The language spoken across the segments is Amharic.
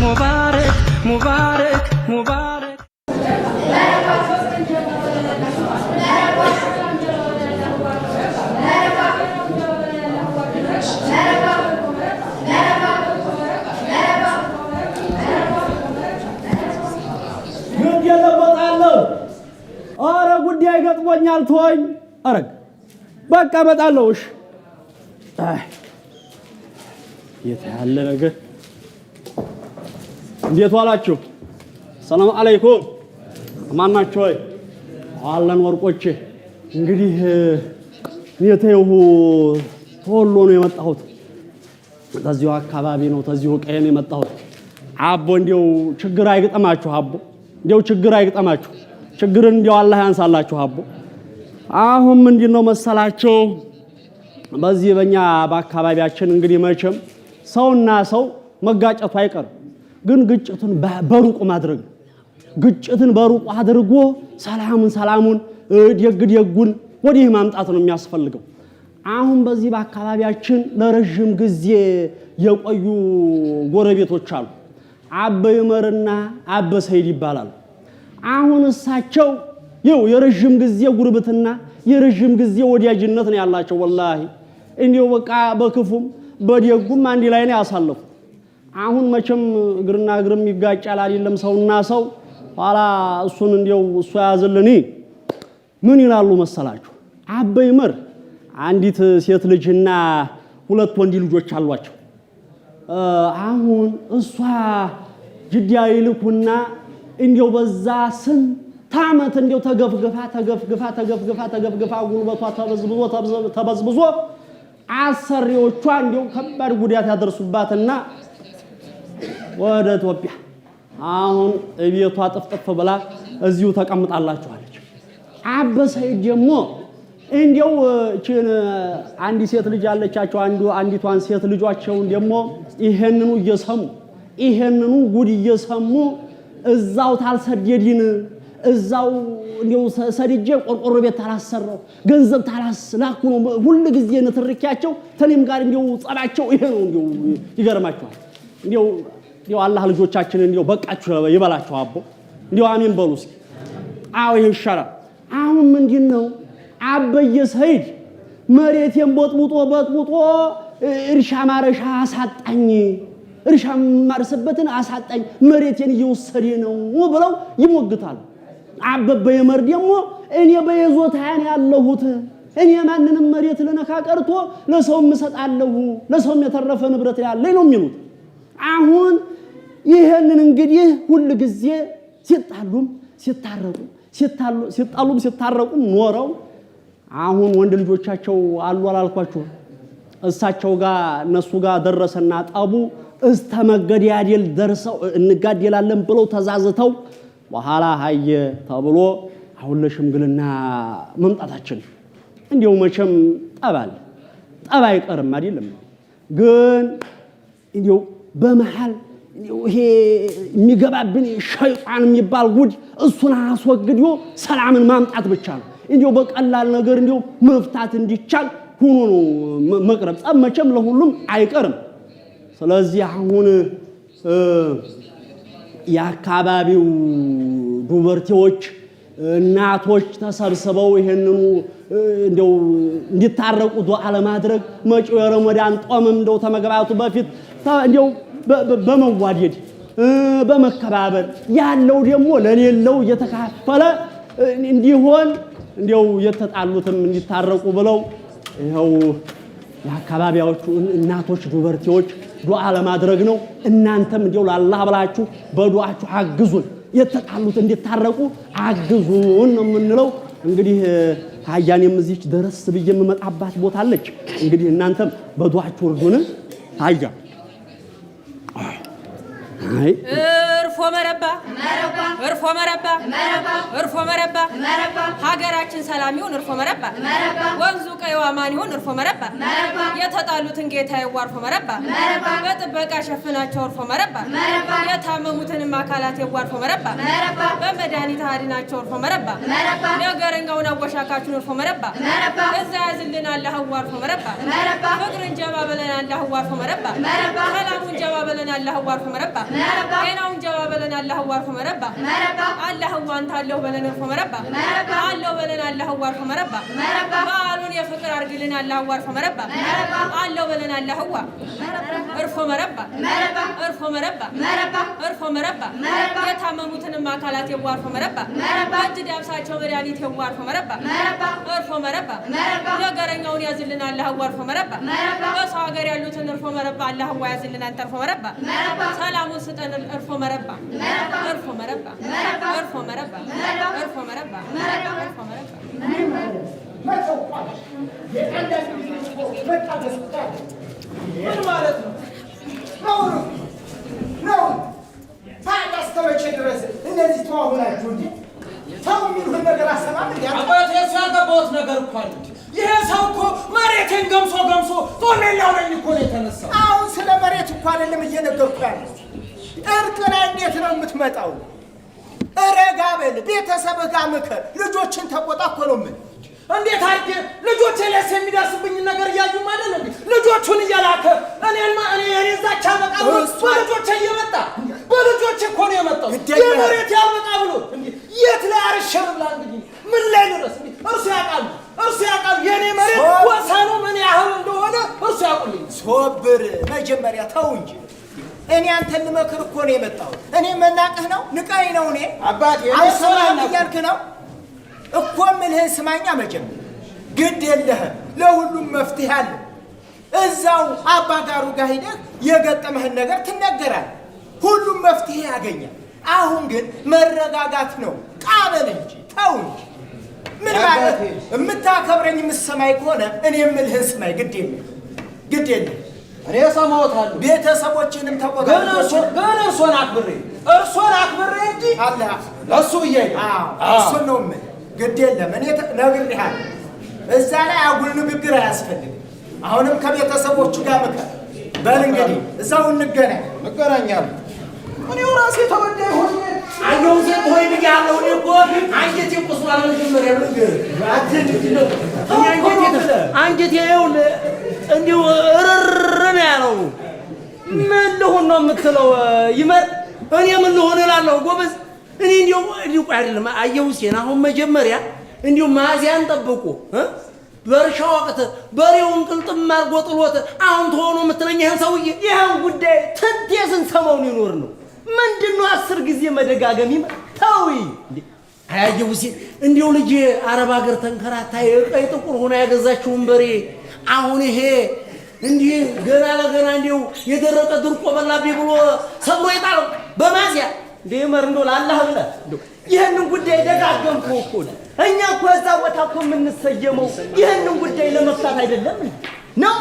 ሙባረክ ሙባረክ ሙባረክ አረ ጉዳይ ገጥሞኛል፣ ተወኝ። አረግ በቃ እመጣለሁ። እሺ የት ያለ ነገር! እንዴት ዋላችሁ? ሰላም አለይኩም። ማናችሁ? ወይ አለን ወርቆቼ። እንግዲህ የተይሁ ተወሎ ነው የመጣሁት። ተዚሁ አካባቢ ነው ተዚሁ ቀዬ ነው የመጣሁት። አቦ እንዲው ችግር አይግጠማችሁ። አቦ እንዲው ችግር አይግጠማችሁ። ችግርን እንዲው አላህ ያንሳላችሁ። አቦ አሁን ምንድን ነው መሰላችሁ በዚህ በእኛ በአካባቢያችን እንግዲህ መቼም ሰውና ሰው መጋጨቱ አይቀርም፣ ግን ግጭቱን በሩቁ ማድረግ ግጭትን በሩቁ አድርጎ ሰላሙን ሰላሙን ደግ ደጉን ወዲህ ማምጣት ነው የሚያስፈልገው። አሁን በዚህ በአካባቢያችን ለረዥም ጊዜ የቆዩ ጎረቤቶች አሉ። አበ ይመርና አበ ሰይድ ይባላሉ። አሁን እሳቸው ይው የረዥም ጊዜ ጉርብትና የረዥም ጊዜ ወዳጅነት ነው ያላቸው። ወላሂ እንዲው በቃ በክፉም በደጉም አንድ ላይ ነው ያሳለፉ። አሁን መቼም እግርና እግርም ይጋጫል አይደለም ሰውና ሰው። ኋላ እሱን እንዲያው እሱ ያዝልኒ ምን ይላሉ መሰላችሁ? አበይ ምር አንዲት ሴት ልጅና ሁለት ወንድ ልጆች አሏቸው። አሁን እሷ ጅዳ ይልኩና እንዲያው በዛ ስንት ዓመት እንዲያው ተገፍግፋ ተገፍግፋ ተገፍግፋ ተገፍግፋ ጉልበቷ ተበዝብዞ ተበዝብዞ አሰሪዎቿ እንዲሁ ከባድ ጉዳት ያደርሱባትና ወደ ኢትዮጵያ አሁን እቤቷ ጥፍጥፍ ብላ እዚሁ ተቀምጣላችኋለች። አበሳይት ደግሞ እንዲው ችን አንድ ሴት ልጅ አለቻቸው። አንዱ አንዲቷን ሴት ልጇቸውን ደግሞ ይሄንኑ እየሰሙ ይሄንኑ ጉድ እየሰሙ እዛው ታልሰደድን እዛው እንዲው ሰድጄ ቆርቆሮ ቤት ታላሰራው ገንዘብ ታላስላኩ ነው ሁሉ ጊዜ ንትርኪያቸው። ተኔም ጋር እንዲው ጸባቸው ይሄ ነው። እንዲው ይገርማችኋል። እንዲው እንዲው አላህ ልጆቻችን እንዲው በቃችሁ ይበላችሁ። አቦ እንዲው አሜን በሉ እስኪ። አዎ ይሄ ይሻላል። አሁን ምንድን ነው አበየ ሰይድ መሬቴን ቦጥቡጦ በጥቡጦ እርሻ ማረሻ አሳጣኝ እርሻ ማርሰበትን አሳጣኝ መሬቴን እየወሰደ ነው ብለው ይሞግታሉ። አበበ የመር ደግሞ እኔ በየዞታያን ያለሁት እኔ ማንንም መሬት ልነካ ቀርቶ ለሰውም እሰጣለሁ ለሰውም የተረፈ ንብረት ያለኝ ነው የሚሉት። አሁን ይህንን እንግዲህ ሁል ጊዜ ሲጣሉም ሲታረቁ ሲጣሉም ሲታረቁም ኖረው አሁን ወንድ ልጆቻቸው አሉ አላልኳቸው እሳቸው ጋር እነሱ ጋር ደረሰና ጠቡ እስከ መገዳደል ደርሰው እንጋደላለን ብለው ተዛዝተው በኋላ ሀየ ተብሎ አሁን ለሽምግልና መምጣታችን እንዲሁ መቼም ጠባል ጠባ አይቀርም አይደለም። ግን እንዲሁ በመሃል ይሄ የሚገባብን ሸይጣን የሚባል ጉድ እሱን አስወግዶ ሰላምን ማምጣት ብቻ ነው። እንዲሁ በቀላል ነገር እንዲሁ መፍታት እንዲቻል ሁኖ ነው መቅረብ። ጸብ መቼም ለሁሉም አይቀርም። ስለዚህ አሁን የአካባቢው ዱበርቴዎች እናቶች ተሰብስበው ይህንኑ እንደው እንዲታረቁ ዱዓ ለማድረግ መጪው የረመዳን ጦምም እንደው ተመግባቱ በፊት እንደው በመዋደድ በመከባበር ያለው ደግሞ ለሌለው እየተካፈለ እንዲሆን እንደው የተጣሉትም እንዲታረቁ ብለው ይኸው ለአካባቢያዎቹ እናቶች ዱበርቴዎች ዱዓ ለማድረግ ነው። እናንተም እንዲው ለአላህ ብላችሁ በዱዓችሁ አግዙን፣ የተጣሉት እንዲታረቁ አግዙን ነው የምንለው። እንግዲህ ታያኔም እዚች ደረስ ብዬ የምመጣባት ቦታ አለች። እንግዲህ እናንተም በዱዓችሁ እርዱን። ታያ እርፎ መረባ እርፎ መረባ እርፎ መረባ ሀገራችን ሰላም ይሁን። እርፎ መረባ ወንዙ ቀይዋ ማን ይሁን። እርፎ መረባ የተጣሉትን ጌታ የዋ እርፎ መረባ በጥበቃ ሸፍናቸው። እርፎ መረባ የታመሙትንም አካላት የዋ እርፎ መረባ በመድኃኒት አድናቸው። እርፎ መረባ ነገረኛውን አወሻካችን እርፎ መረባ እዛ ያዝልን አላህዋ እርፎ መረባ ፍቅርን ጀባ በለን አላህዋ እርፎ መረባ ሰላሙን ጀባ በለን አላህዋ እርፎ መረባ ጤናውን ጀባ በለን አላህዋ እርፎ መረባ አላህዋ አንታለሁ በለን አርፎ መረባ አለሁ በለን አላህዋ አርፎ መረባ በዓሉን بلنا الله وارفو መረባ አለው لو بلنا الله هو እርፎ መረባ እርፎ መረባ እርፎ መረባ የታመሙትንም አካላት የዋርፎ መረባ እጅ ዳብሳቸው መድኃኒት የዋርፎ መረባ እርፎ መረባ ነገረኛውን ያዝልን አላህ ዋርፎ መረባ በሰው ሀገር ያሉትን እርፎ መረባ አላህ ዋ ያዝልን አንተ እርፎ መረባ ሰላሙን ስጠን እርፎ መረባ እርፎ መረባ እርፎ መረባ እርፎ መረባ እርፎ መረባ ምን ማለት ነው? ነውር ነው። ታዲያ እስከ መቼ ድረስ ተዋሁናችሁ? ነገር ነገር እኮ አለ። ይሄ ሰው እኮ ገምሶ ገምሶ ነኝ እኮ ነው የተነሳው። አሁን ስለ መሬት እኮ አይደለም እየነገርኩ እርቅ ላይ እንዴት ነው የምትመጣው? ረጋ በል፣ ቤተሰብህ ጋር ምክር፣ ልጆችን ተቆጣ ነው ምን እንዴት አድርጌ ልጆቼ ላይስ የሚደርስብኝ ነገር እያዩ ማለት ነው። ልጆቹን እየላከ እኔማ እኔ የሬዛቻ በቃ ብሎ በልጆቼ እየመጣ በልጆቼ እኮ ነው የመጣው። የመሬት ያልበቃ ብሎ የት ላይ አርሸር ብላ እንግዲህ ምን ላይ ልረስ? እርሱ ያውቃሉ፣ እርሱ ያውቃሉ። የእኔ መሬት ወሰኑ ምን ያህል እንደሆነ እርሱ ያውቁልኝ። ሶብር መጀመሪያ ተው እንጂ እኔ አንተን ልመክር እኮ ነው የመጣሁት። እኔ መናቅህ ነው ንቃኝ ነው እኔ አባት አልሰማህም እያልክ ነው እኮ እምልህን ስማኛ መቼም ግድ የለህም። ለሁሉም መፍትሄ አለ። እዛው አባ ጋሩ ጋር ሂደህ የገጠመህን ነገር ትነገራል። ሁሉም መፍትሄ ያገኛል። አሁን ግን መረጋጋት ነው። ቃበል እንጂ ተው እንጂ። ምን ማለት የምታከብረኝ የምትሰማኝ ከሆነ እኔ የምልህን ስማኝ። ግድ የለ ግድ የለ እኔ እሰማዎታለሁ። ቤተሰቦችንም ተቆጣ። ግን እርሶን አክብሬ እርሶን አክብሬ እንጂ አለ እሱ ብዬ እሱን ነው ምን ግድ የለም እኔ ነግሬሃለሁ። እዛ ላይ አጉል ንግግር አያስፈልግም። አሁንም ከቤተሰቦቹ ጋር ምክር በል እንግዲህ እዛው እንገናኝ። መገናኛም እኔው ራሴ ተወዳይ ሆኜ አየው ዘት ሆይ ልጅ እኔ እኮ አንጀቴ ቁስሏል። መጀመሪያ አንጀቴ ይኸው እንዲሁ እርር ነው ያለው። ምን ልሁን ነው የምትለው? ይመር እኔ ምን ልሁን እላለሁ ጎበዝ እኔ እንዲሁ እንዲሁ አይደለም አየሁ ሁሴን አሁን መጀመሪያ እንዲሁ ማዚያን ጠብቁ በእርሻ ወቅት በሬውን ቅልጥም አድርጎ ጥሎት አሁን ተሆኖ የምትለኝ ይህን ሰውዬ ይህን ጉዳይ ትንቴ ስንሰማው ይኖር ነው። ምንድን ነው አስር ጊዜ መደጋገም ይመ ተውይ አያየሁ ሁሴን እንዲሁ ልጅ አረብ ሀገር ተንከራታ ቀይ ጥቁር ሆና ያገዛችውን በሬ አሁን ይሄ እንዲህ ገና ለገና እንዲሁ የደረቀ ድርቆ በላቤ ብሎ ሰብሮ ይጣለው በማዚያ እንደ መር እንደው ላላህ ብለህ ይህንን ጉዳይ ደጋገምኩ እኮ እኛ እኮ እዛ ቦታ እኮ የምንሰየመው ይህንን ጉዳይ ለመፍታት አይደለም ነው።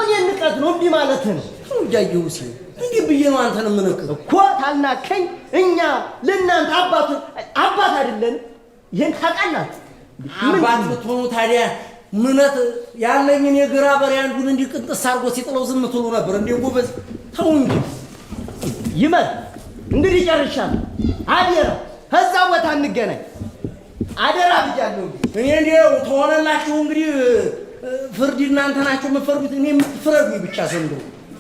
እኔ ንቀት ነው እምቢ ማለት ነው። እንዲያየው ሲ እንዲህ ብዬ ነው አንተን የምንክር እኮ ታልናከኝ። እኛ ለእናንተ አባት አባት አይደለን። ይህን ታውቃላችሁ። አባት ብትሆኑ ታዲያ ምነት ያለኝን የግራ በሬ አንዱን እንዲህ ቅንጥስ አድርጎ ሲጥለው ዝም ትሉ ነበር እንዴ? ጎበዝ ተው እንጂ ይመር እንግዲህ ጨርሻለሁ። አደራ ከዛ ቦታ እንገናኝ። አደራ ብያለሁ። እኔ እንዲያው ተሆነላችሁ እንግዲህ ፍርድ እናንተ ናችሁ የምትፈርዱት። እኔ ፍረዱ ብቻ ዘንዶ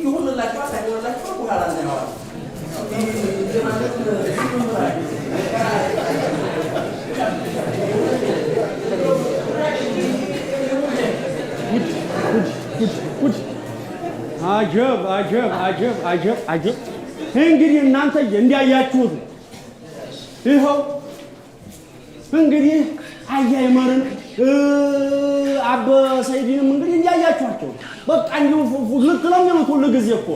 ይሁንላችሁ። አሳይሆንላችሁ በኋላ እናየዋለን። አጀብ አጀብ አጀብ አጀብ አጀብ እንግዲህ እናንተ እንዲያያችሁት ነው። ይኸው እንግዲህ አያይመርን አበ ሰይድንም እንግዲህ እንዲያያችኋቸው በቃ እንዲሁ ልክ ነው ሁሉ ጊዜ እኮ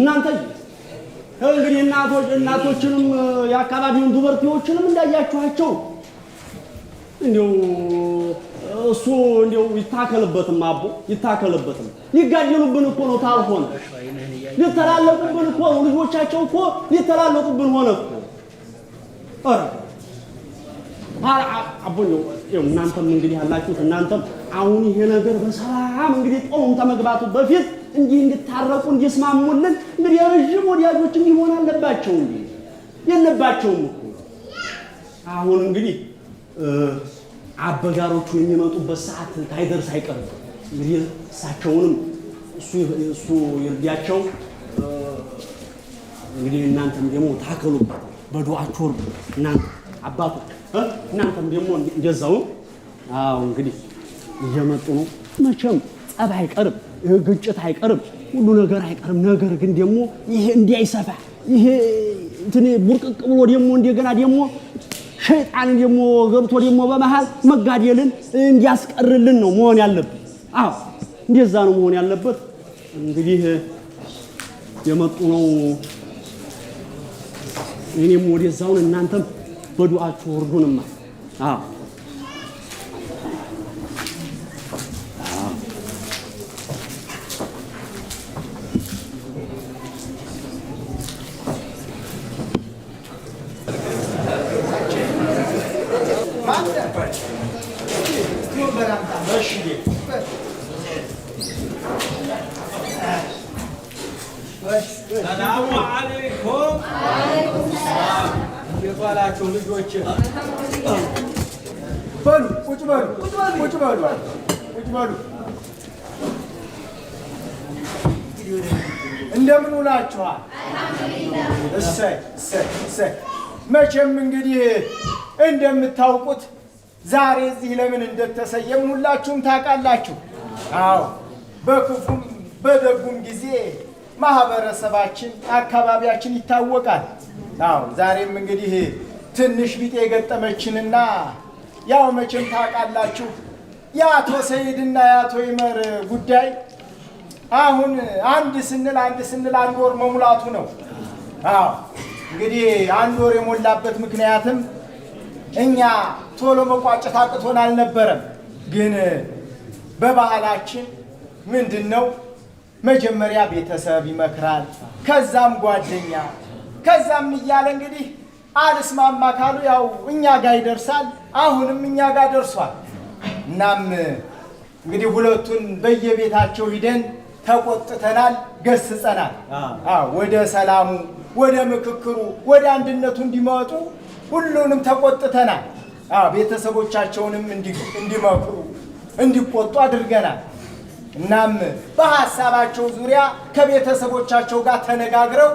እናንተ እንግዲህ እናቶችንም የአካባቢውን ዱበርቲዎችንም እንዳያችኋቸው እንዲሁ እሱ እንደው ይታከልበትም አቦ ይታከልበትም። ሊጋደሉብን እኮ ነው ካልሆነ ሊተላለቁብን እኮ ልጆቻቸው እኮ ሊተላለቁብን ሆነ እኮ ኧረ አቦ እናንተም እንግዲህ ያላችሁት እናንተም አሁን ይሄ ነገር በሰላም እንግዲህ ጦም ተመግባቱ በፊት እንዲህ እንድታረቁ እንዲስማሙልን እንግዲህ የረዥም ወዳጆች እንዲሆን አለባቸው እንዴ የለባቸውም እኮ አሁን እንግዲህ አበጋሮቹ የሚመጡበት ሰዓት ታይደር አይቀርም። እንግዲህ እሳቸውንም እሱ ይርዳቸው። እንግዲህ እናንተም ደግሞ ታከሉ በዱዓችሁ ወርዱ። እናንተ እናንተም ደግሞ እንደዛው። አዎ እንግዲህ እየመጡ ነው። መቼም ጸብ አይቀርም፣ ግጭት አይቀርም፣ ሁሉ ነገር አይቀርም። ነገር ግን ደግሞ ይሄ እንዲያይሰፋ ይሄ እንትን ቡርቅቅ ብሎ ደግሞ እንደገና ደግሞ ሸይጣን ደግሞ ገብቶ ደግሞ በመሃል መጋደልን እንዲያስቀርልን ነው መሆን ያለበት አዎ እንደዛ ነው መሆን ያለበት። እንግዲህ የመጡ ነው። እኔም ወደዛውን እናንተም በዱዓችሁ እርዱንማ። አዎ እንደምን ውላችኋል? እሰይ እሰይ እሰይ። መቼም እንግዲህ እንደምታውቁት ዛሬ እዚህ ለምን እንደተሰየም ሁላችሁም ታውቃላችሁ። አዎ በክፉም በደጉም ጊዜ ማህበረሰባችን፣ አካባቢያችን ይታወቃል። አዎ ዛሬም እንግዲህ ትንሽ ቢጤ የገጠመችንና ያው መቼም ታውቃላችሁ የአቶ ሰይድና የአቶ ይመር ጉዳይ አሁን አንድ ስንል አንድ ስንል አንድ ወር መሙላቱ ነው። አዎ እንግዲህ አንድ ወር የሞላበት ምክንያትም እኛ ቶሎ መቋጨት አቅቶን አልነበረም። ግን በባህላችን ምንድን ነው መጀመሪያ ቤተሰብ ይመክራል፣ ከዛም ጓደኛ፣ ከዛም እያለ እንግዲህ አልስማማ ካሉ ያው እኛ ጋር ይደርሳል። አሁንም እኛ ጋር ደርሷል። እናም እንግዲህ ሁለቱን በየቤታቸው ሂደን ተቆጥተናል፣ ገስጸናል። ወደ ሰላሙ፣ ወደ ምክክሩ፣ ወደ አንድነቱ እንዲመጡ ሁሉንም ተቆጥተናል። ቤተሰቦቻቸውንም እንዲመክሩ፣ እንዲቆጡ አድርገናል። እናም በሀሳባቸው ዙሪያ ከቤተሰቦቻቸው ጋር ተነጋግረው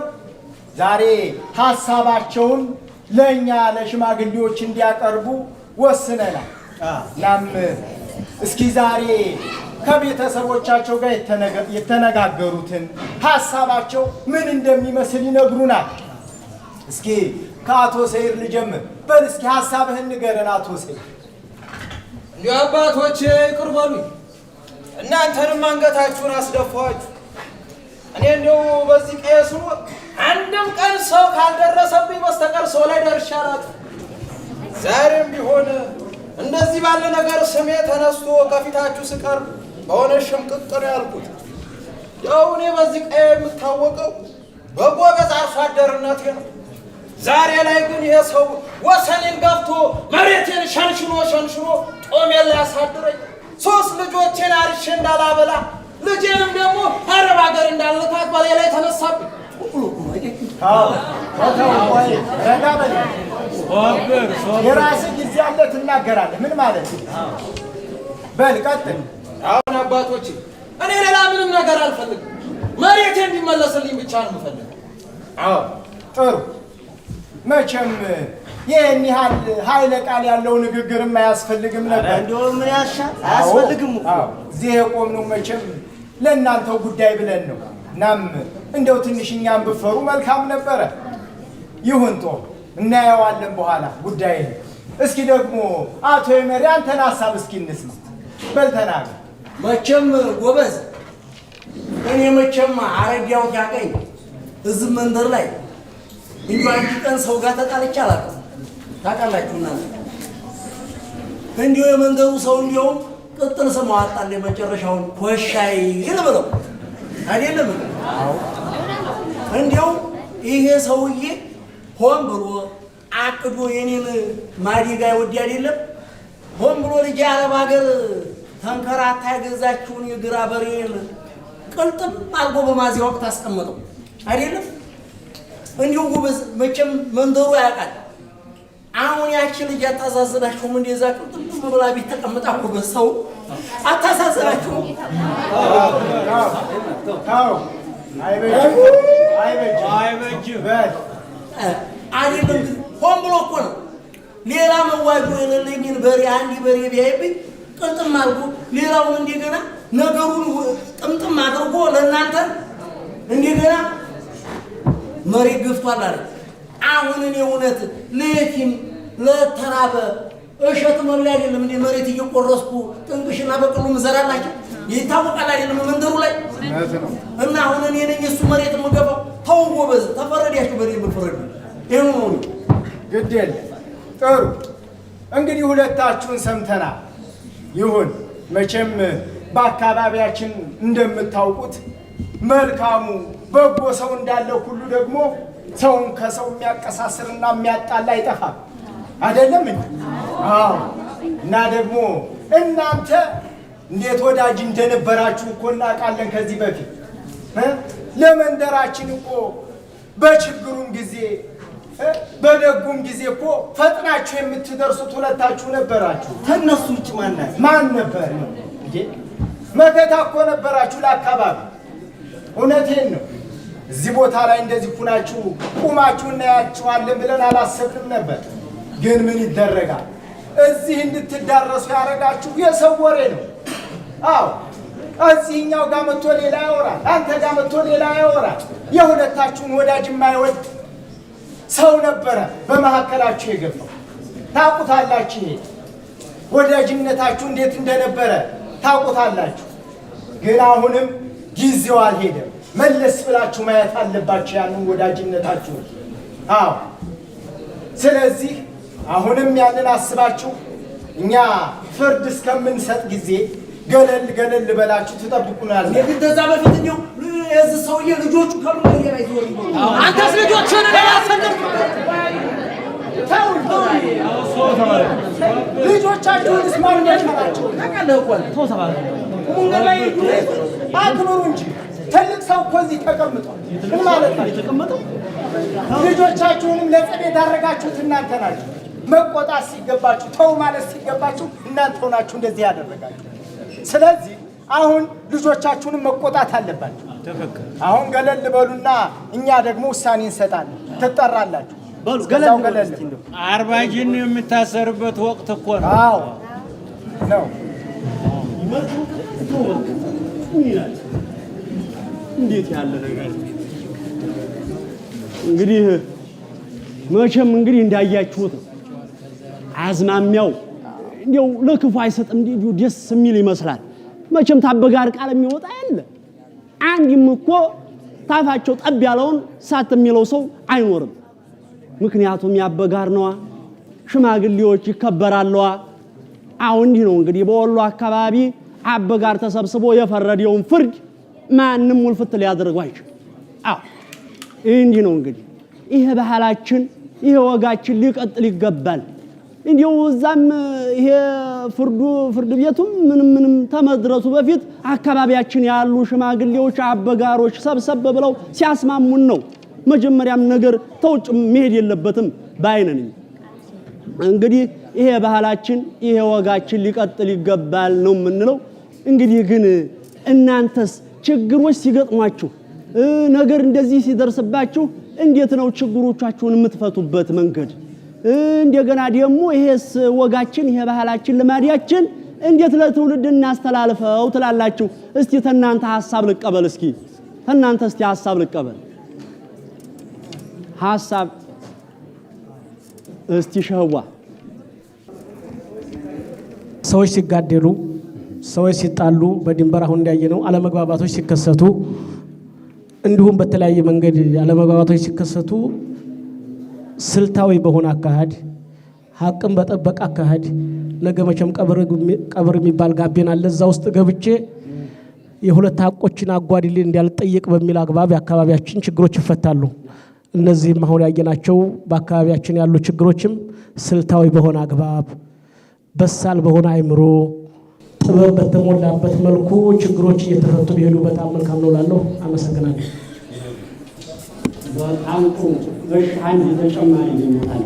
ዛሬ ሀሳባቸውን ለእኛ ለሽማግሌዎች እንዲያቀርቡ ወስነናል። እናም እስኪ ዛሬ ከቤተሰቦቻቸው ጋር የተነጋገሩትን ሀሳባቸው ምን እንደሚመስል ይነግሩናል። እስኪ ከአቶ ሰይር ልጀምር። በል እስኪ ሀሳብህን ንገረን አቶ ሰይር። እንዲሁ አባቶቼ ይቅር በሉኝ፣ እናንተንም አንገታችሁን አስደፋኋችሁ። እኔ እንደው በዚህ ቀየሱ አንድም ቀን ሰው ካልደረሰብኝ በስተቀር ሰው ላይ ደርሻላት። ዛሬም ቢሆን እንደዚህ ባለ ነገር ስሜ ተነስቶ ከፊታችሁ ስቀርብ በሆነ ሽምቅቅ ነው ያልኩት። ያው እኔ በዚህ ቀዬ የምታወቀው በጎበዝ አርሶ አደርነቴ ነው። ዛሬ ላይ ግን ይሄ ሰው ወሰኔን ገብቶ መሬቴን ሸንሽኖ ሸንሽኖ ጦሜን ላይ ያሳድረኝ፣ ሶስት ልጆቼን አርሼ እንዳላበላ ልጄንም ደግሞ አረብ ሀገር እንዳልልካት በላይ ላይ ተነሳብኝ። የራስህ ጊዜ አለ ትናገራለህ። ምን ማለት በል ቀጥል አሁን አባቶች እኔ ሌላ ምንም ነገር አልፈልግም፣ መሬቴ እንዲመለስልኝ ብቻ ነው የምፈልገው። አዎ ጥሩ። መቼም ይህን ያህል ኃይለ ቃል ያለው ንግግርም አያስፈልግም ነበር። እንዲሁም ምን ያሻል? አያስፈልግም። እዚህ የቆምነው መቼም ለእናንተው ጉዳይ ብለን ነው። እናም እንደው ትንሽ እኛም ብፈሩ መልካም ነበረ። ይሁን ጦ እናየዋለን በኋላ ጉዳይ። እስኪ ደግሞ አቶ የመሪ አንተን ሀሳብ እስኪ እንስማ በልተናል መቼም ጎበዝ እኔ መቼም አረጊያው ያቀኝ እዚህ መንደር ላይ እንጂ አንድ ቀን ሰው ጋር ተጣልቼ አላውቅም። ታውቃላችሁ እናንተ እንዲሁ የመንደሩ ሰው እንዲሁም ቅጥል ስም አወጣልኝ የመጨረሻውን ኮሻይ ልብለው አይደለም እንዲሁ ይሄ ሰውዬ ሆን ብሎ አቅዶ የኔን ማዲጋ ወዲ አይደለም ሆን ብሎ ልጅ አረብ ሀገር ተንከራታ የገዛችውን የግራ በሬን ቅልጥም አልጎ በማዚያ ወቅት አስቀምጠው አይደለም እንዲሁ ጉብዝ መቼም መንደሩ ያውቃል። አሁን ያቺ ልጅ አታሳዝናችሁም? እንደዛ ቅልጥም ብላ ቤት ተቀምጣ ጉብዝ ሰው አታሳዝናችሁም? አይደለም ሆን ብሎ እኮ ነው። ሌላ መዋጅ የሌለኝን በሬ አንድ በሬ ቢያይብኝ ጥምጥም አድርጎ ሌላውን እንደገና ነገሩን ጥምጥም አድርጎ ለእናንተ እንደገና መሬት ገፍቷል አለ። አሁን እኔ እውነት ለየቲም ለተራበ እሸት መብላ አይደለም እንደ መሬት እየቆረስኩ ጥንቅሽና በቅሉ ምዘራላቸው ይታወቃል አይደለም መንደሩ ላይ እና አሁን እኔ ነኝ እሱ መሬት የምገባው። ተው ጎበዝ፣ ተፈረዳችሁ በእኔ የምፈረዱ ይህም ሆኑ ጥሩ እንግዲህ ሁለታችሁን ሰምተናል። ይሁን። መቼም በአካባቢያችን እንደምታውቁት መልካሙ በጎ ሰው እንዳለ ሁሉ ደግሞ ሰውን ከሰው የሚያቀሳስርና የሚያጣላ አይጠፋም። አይደለም እና ደግሞ እናንተ እንዴት ወዳጅ እንደነበራችሁ እኮ እናውቃለን። ከዚህ በፊት ለመንደራችን እኮ በችግሩም ጊዜ በደጉም ጊዜ እኮ ፈጥናችሁ የምትደርሱት ሁለታችሁ ነበራችሁ። ከእነሱ ውጭ ማና ማን ነበር? መከታ እኮ ነበራችሁ ለአካባቢ። እውነቴን ነው። እዚህ ቦታ ላይ እንደዚህ ሁናችሁ ቁማችሁ እናያችኋለን ብለን አላሰብንም ነበር። ግን ምን ይደረጋል፣ እዚህ እንድትዳረሱ ያደረጋችሁ የሰው ወሬ ነው። አዎ እዚህኛው ጋር መጥቶ ሌላ ያወራል፣ አንተ ጋር መጥቶ ሌላ ያወራል። የሁለታችሁን ወዳጅ የማይወድ ሰው ነበረ በመካከላችሁ የገባው። ታውቁታላችሁ። ይሄ ወዳጅነታችሁ እንዴት እንደነበረ ታውቁታላችሁ። ግን አሁንም ጊዜው አልሄደም። መለስ ብላችሁ ማየት አለባችሁ ያንን ወዳጅነታችሁ። አዎ። ስለዚህ አሁንም ያንን አስባችሁ እኛ ፍርድ እስከምንሰጥ ጊዜ ገለል ገለል ልበላችሁ ትጠብቁናል። ከዛ በፊት እንደው የዚህ ሰውዬ ልጆቹ ከሉ አንተስ ልጆችህን ልጆቻችሁን መንገድ ላይ አክብሩ እንጂ ትልቅ ሰው እኮ እዚህ ተቀምጧል። ምን ማለት ነው? ልጆቻችሁንም ለጥብ የዳረጋችሁት እናንተ ናችሁ። መቆጣት ሲገባችሁ፣ ተው ማለት ሲገባችሁ እናንተ ሆናችሁ እንደዚህ ያደረጋችሁ ስለዚህ አሁን ልጆቻችሁንም መቆጣት አለባችሁ። አሁን ገለል በሉና እኛ ደግሞ ውሳኔ እንሰጣለን። ትጠራላችሁ። አርባጅን የምታሰርበት ወቅት እኮ ነው። ነው። እንዴት ያለ ነገር እንግዲህ መቼም እንግዲህ እንዳያችሁት አዝማሚያው እንዲው ለክፉ አይሰጥም፣ እንዲሁ ደስ የሚል ይመስላል። መቼም ታበጋር ቃል የሚወጣ የለ አንድም እኮ ታፋቸው ጠብ ያለውን ሳት የሚለው ሰው አይኖርም። ምክንያቱም ያበጋር ነዋ፣ ሽማግሌዎች ይከበራለዋ። አሁን እንዲህ ነው እንግዲህ በወሎ አካባቢ አበጋር ተሰብስቦ የፈረደውን ፍርድ ማንም ውልፍት ሊያደርገው አዎ እንዲህ ነው እንግዲህ ይሄ ባህላችን ይሄ ወጋችን ሊቀጥል ይገባል። እንዲው እዛም ይሄ ፍርዱ ፍርድ ቤቱም ምንም ምንም ተመድረሱ በፊት አካባቢያችን ያሉ ሽማግሌዎች አበጋሮች ሰብሰብ ብለው ሲያስማሙን ነው። መጀመሪያም ነገር ተውጭ መሄድ የለበትም ባይነን እንግዲህ ይሄ ባህላችን ይሄ ወጋችን ሊቀጥል ይገባል ነው የምንለው። እንግዲህ ግን እናንተስ ችግሮች ሲገጥሟችሁ ነገር እንደዚህ ሲደርስባችሁ እንዴት ነው ችግሮቻችሁን የምትፈቱበት መንገድ? እንደገና ደግሞ ይሄስ ወጋችን ይሄ ባህላችን ልማዳችን እንዴት ለትውልድ እናስተላልፈው ትላላችሁ? እስቲ ተናንተ ሀሳብ ልቀበል። እስኪ ተናንተ እስቲ ሀሳብ ልቀበል። ሀሳብ እስቲ ሸህዋ ሰዎች ሲጋደሉ፣ ሰዎች ሲጣሉ፣ በድንበር አሁን እንዳየነው አለመግባባቶች ሲከሰቱ፣ እንዲሁም በተለያየ መንገድ አለመግባባቶች ሲከሰቱ ስልታዊ በሆነ አካሄድ ሀቅን በጠበቀ አካሄድ ነገ መቼም ቀብር የሚባል ጋቤና አለ። እዛ ውስጥ ገብቼ የሁለት ሀቆችን አጓድሌ እንዳልጠየቅ በሚል አግባብ የአካባቢያችን ችግሮች ይፈታሉ። እነዚህም አሁን ያየናቸው በአካባቢያችን ያሉ ችግሮችም ስልታዊ በሆነ አግባብ በሳል በሆነ አይምሮ ጥበብ በተሞላበት መልኩ ችግሮች እየተፈቱ ቢሄዱ በጣም መልካም ነው እላለሁ። አመሰግናለሁ። በጣንቁ እሺ፣ አንድ ተጨማሪ ይመጣል።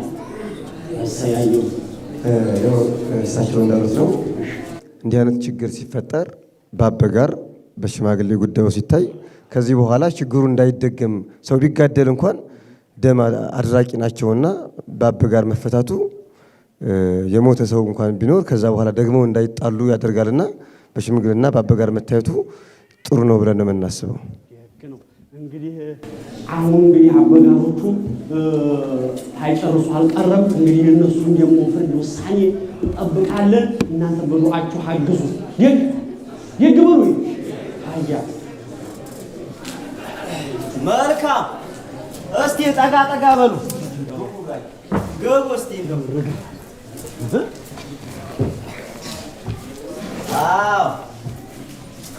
አሰያዩ እሳቸው እንዳሉት ነው። እንዲህ አይነት ችግር ሲፈጠር በአበ ጋር በሽማግሌ ጉዳዩ ሲታይ ከዚህ በኋላ ችግሩ እንዳይደገም ሰው ቢጋደል እንኳን ደም አድራቂ ናቸውና በአበ ጋር መፈታቱ የሞተ ሰው እንኳን ቢኖር ከዛ በኋላ ደግሞ እንዳይጣሉ ያደርጋልና በሽምግልና በአበ ጋር መታየቱ ጥሩ ነው ብለን ነው የምናስበው። እንግዲህ አሁን እንግዲህ አበጋዞቹ ታይጨርሱ አልቀረም። እንግዲህ የእነሱን ደግሞ ፍርድ ውሳኔ እንጠብቃለን። እናንተ በዱዓችሁ አግዙ። ደግ በሉ። አያ መልካም። እስቲ ጠጋ ጠጋ በሉ ገቡ። እስቲ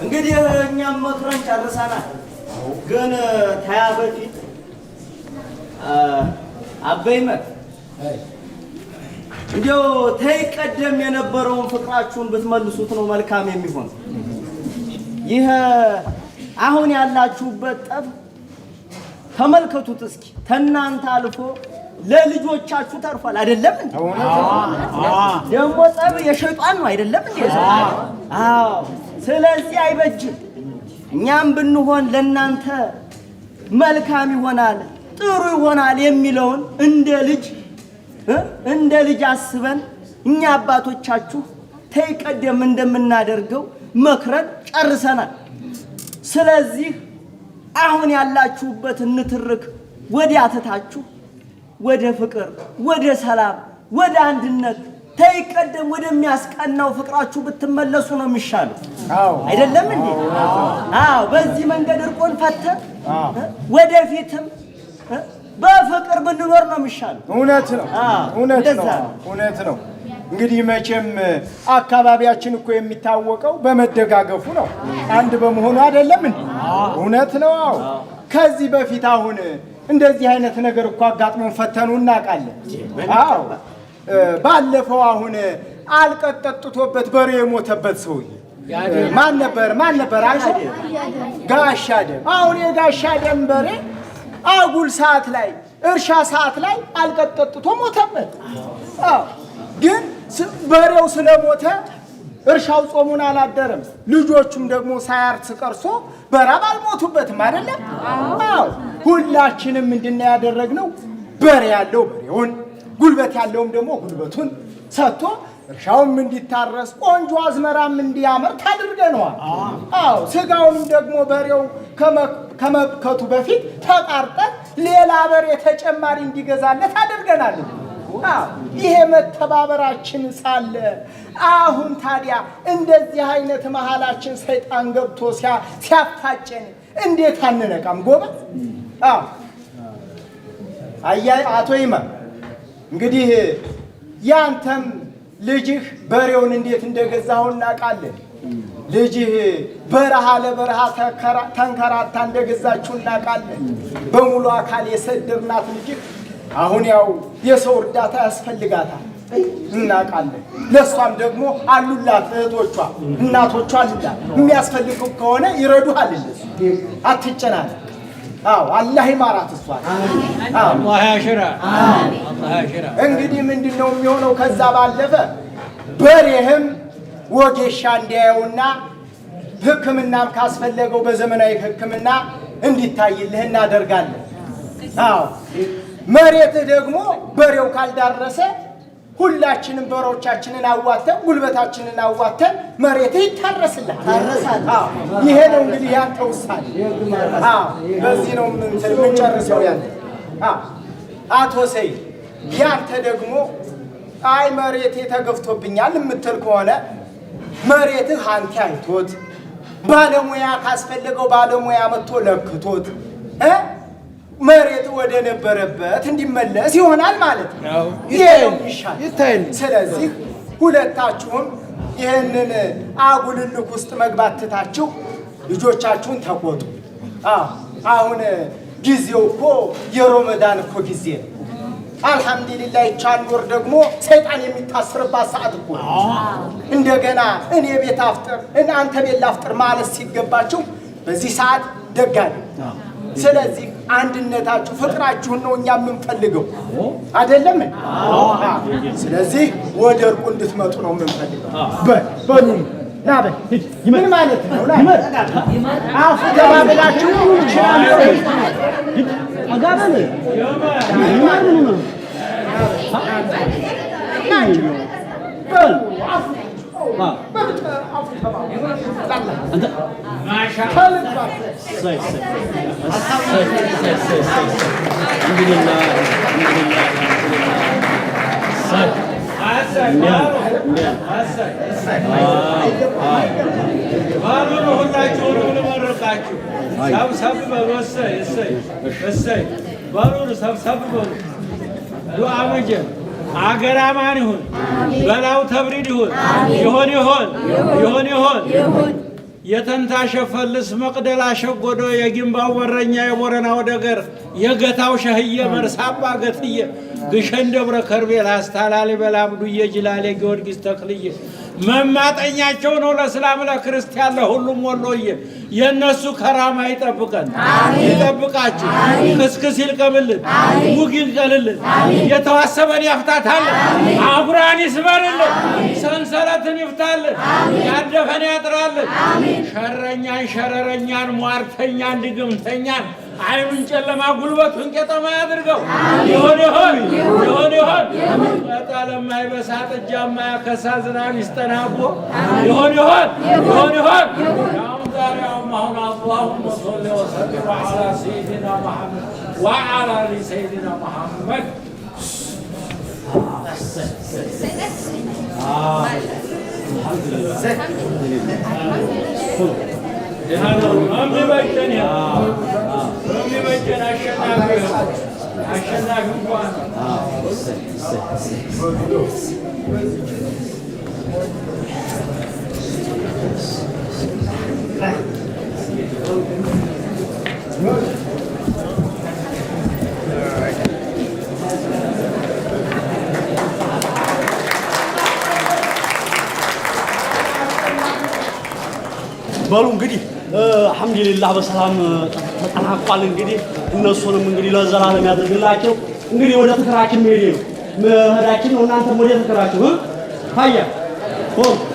እንግዲህ እኛም መክረን ጨርሰናል። ግን ታያ በፊት አበይመት እንዲያው ተይ ቀደም የነበረውን ፍቅራችሁን ብትመልሱት ነው መልካም የሚሆን። ይህ አሁን ያላችሁበት ጠብ ተመልከቱት እስኪ፣ ተናንተ አልፎ ለልጆቻችሁ ተርፏል። አይደለም ደግሞ ጠብ የሸጧን ነው አይደለም እንዴ? ስለዚህ አይበጅም እኛም ብንሆን ለእናንተ መልካም ይሆናል፣ ጥሩ ይሆናል የሚለውን እንደ ልጅ እንደ ልጅ አስበን እኛ አባቶቻችሁ ተይቀደም እንደምናደርገው መክረን ጨርሰናል። ስለዚህ አሁን ያላችሁበትን ንትርክ ወዲያ ትታችሁ ወደ ፍቅር፣ ወደ ሰላም፣ ወደ አንድነት ተይቀደም ወደሚያስቀናው ፍቅራችሁ ብትመለሱ ነው የሚሻለው። አይደለም እንዴ? አዎ። በዚህ መንገድ እርቆን ፈተን ወደፊትም በፍቅር ብንኖር ነው የሚሻለው። እውነት ነው፣ እውነት ነው። እንግዲህ መቼም አካባቢያችን እኮ የሚታወቀው በመደጋገፉ ነው፣ አንድ በመሆኑ አይደለም እንዴ? እውነት ነው። አዎ። ከዚህ በፊት አሁን እንደዚህ አይነት ነገር እኮ አጋጥሞን ፈተኑ እናውቃለን። አዎ ባለፈው አሁን አልቀት ጠጥቶበት በሬ የሞተበት ሰውዬ ማን ነበር? ማን ነበር? ጋሻ ደም። አሁን የጋሻ ደም በሬ አጉል ሰዓት ላይ እርሻ ሰዓት ላይ አልቀት ጠጥቶ ሞተበት። ግን በሬው ስለሞተ እርሻው ጾሙን አላደረም። ልጆቹም ደግሞ ሳያርስ ቀርሶ በራብ አልሞቱበትም። አይደለም? አዎ። ሁላችንም ምንድን ነው ያደረግነው? በሬ ያለው በሬውን ጉልበት ያለውም ደግሞ ጉልበቱን ሰጥቶ እርሻውም እንዲታረስ ቆንጆ አዝመራም እንዲያመር ታድርገነዋል። አዎ ስጋውንም ደግሞ በሬው ከመብከቱ በፊት ተቃርጠን ሌላ በሬ ተጨማሪ እንዲገዛለት አድርገናል። ይሄ መተባበራችን ሳለ አሁን ታዲያ እንደዚህ አይነት መሃላችን ሰይጣን ገብቶ ሲያፍታጨን እንዴት አንነቃም? ጎበዝ አቶ ይመር እንግዲህ ያንተም ልጅህ በሬውን እንዴት እንደገዛው እናውቃለን። ልጅህ በረሃ ለበረሃ ተንከራታ እንደገዛችሁ እናውቃለን። በሙሉ አካል የሰደብናት ልጅህ አሁን ያው የሰው እርዳታ ያስፈልጋታል እናውቃለን። ለእሷም ደግሞ አሉላት እህቶቿ፣ እናቶቿ አሉላት። የሚያስፈልገው ከሆነ ይረዱሃል። አትጨናነቅ። አዎ አላህ ይማራት እሷን። አላህ ያሽራ። እንግዲህ ምንድን ነው የሚሆነው? ከዛ ባለፈ በሬህም ወጌሻ እንዲያየውና ሕክምናም ካስፈለገው በዘመናዊ ሕክምና እንዲታይልህ እናደርጋለን። አዎ መሬትህ ደግሞ በሬው ካልዳረሰ ሁላችንም በሮቻችንን አዋተን ጉልበታችንን አዋተን መሬት ይታረስልሃል። ይሄ ነው እንግዲህ ያንተ ውሳኔ። በዚህ ነው የምንጨርሰው። ያለ አቶ ሰይ ያንተ ደግሞ አይ መሬቴ ተገፍቶብኛል የምትል ከሆነ መሬትህ አንተ አይቶት ባለሙያ ካስፈለገው ባለሙያ መጥቶ ለክቶት መሬት ወደ ነበረበት እንዲመለስ ይሆናል ማለት ነው። ይሻል። ስለዚህ ሁለታችሁም ይህንን አጉልልክ ውስጥ መግባት ትታችሁ ልጆቻችሁን ተቆጡ። አሁን ጊዜው እኮ የሮመዳን እኮ ጊዜ ነው። አልሐምዱሊላህ ወር ደግሞ ሰይጣን የሚታስርባት ሰዓት እኮ እንደገና እኔ ቤት አፍጥር እናንተ ቤት ላፍጥር ማለት ሲገባችሁ በዚህ ሰዓት ደጋል። ስለዚህ አንድነታችሁ፣ ፍቅራችሁን ነው እኛ የምንፈልገው አይደለም። ስለዚህ ወደ እርቁ እንድትመጡ ነው የምንፈልገው። በሉ ምን ማለት ነው? ገባ ብላችሁ ይችላል ሰብሰብ በሉ ሰብሰብ በሉ ዱዓ መጀመር አገር አማን ይሁን። በላው ተብሪድ ይሁን ይሁን ይሁን ይሁን ይሁን የተንታ ሸፈልስ መቅደላ ሸጎዶ የጊንባው ወረኛ የቦረናው ደገር የገታው ሸህየ መርሳባ ገትየ ግሸን ደብረ ከርቤ ላስታ ላሊበላ አምዱየ ጅላሌ ጊዮርጊስ ተክልየ መማጠኛቸው ነው ለእስላም ለክርስቲያን ለሁሉም ወሎዬ የእነሱ ከራማ ይጠብቀን ይጠብቃችሁ። ክስክስ ይልቀምልን፣ ሙግ ይልቀልልን፣ የተዋሰበን ያፍታታልን፣ አጉራን ይስበርልን፣ ሰንሰለትን ይፍታልን፣ ያደፈን ያጥራልን፣ ሸረኛን፣ ሸረረኛን፣ ሟርተኛን፣ ድግምተኛን አይ ምን ጨለማ ጉልበቱን ቄጠማ ያድርገው። ይሆን ይሆን ይሆን ይሆን ጠጣ ለማይበሳ ጥጃ ማያከሳ ዝናን ይስጠናቦ ይሆን ይሆን ይሆን ይሆን ያውም ዛሬ ያውም አሁን አላሁመ ሶሊ ወሰሊም ዓላ ሰይድና መሐመድ ወዓላ አሊ ሰይድና መሐመድ الحمد لله የሚበጀን አሸናፊ በሉ እንግዲህ አልሐምዱሊላህ በሰላም ተጠናቋል። እንግዲህ እነሱንም እንግዲህ ለዘላለም ያድርግላቸው። እንግዲህ ወደ ተከራችን መሄድ ነው መሄዳችን ነው። እናንተም ወደ ተከራችሁ ታያ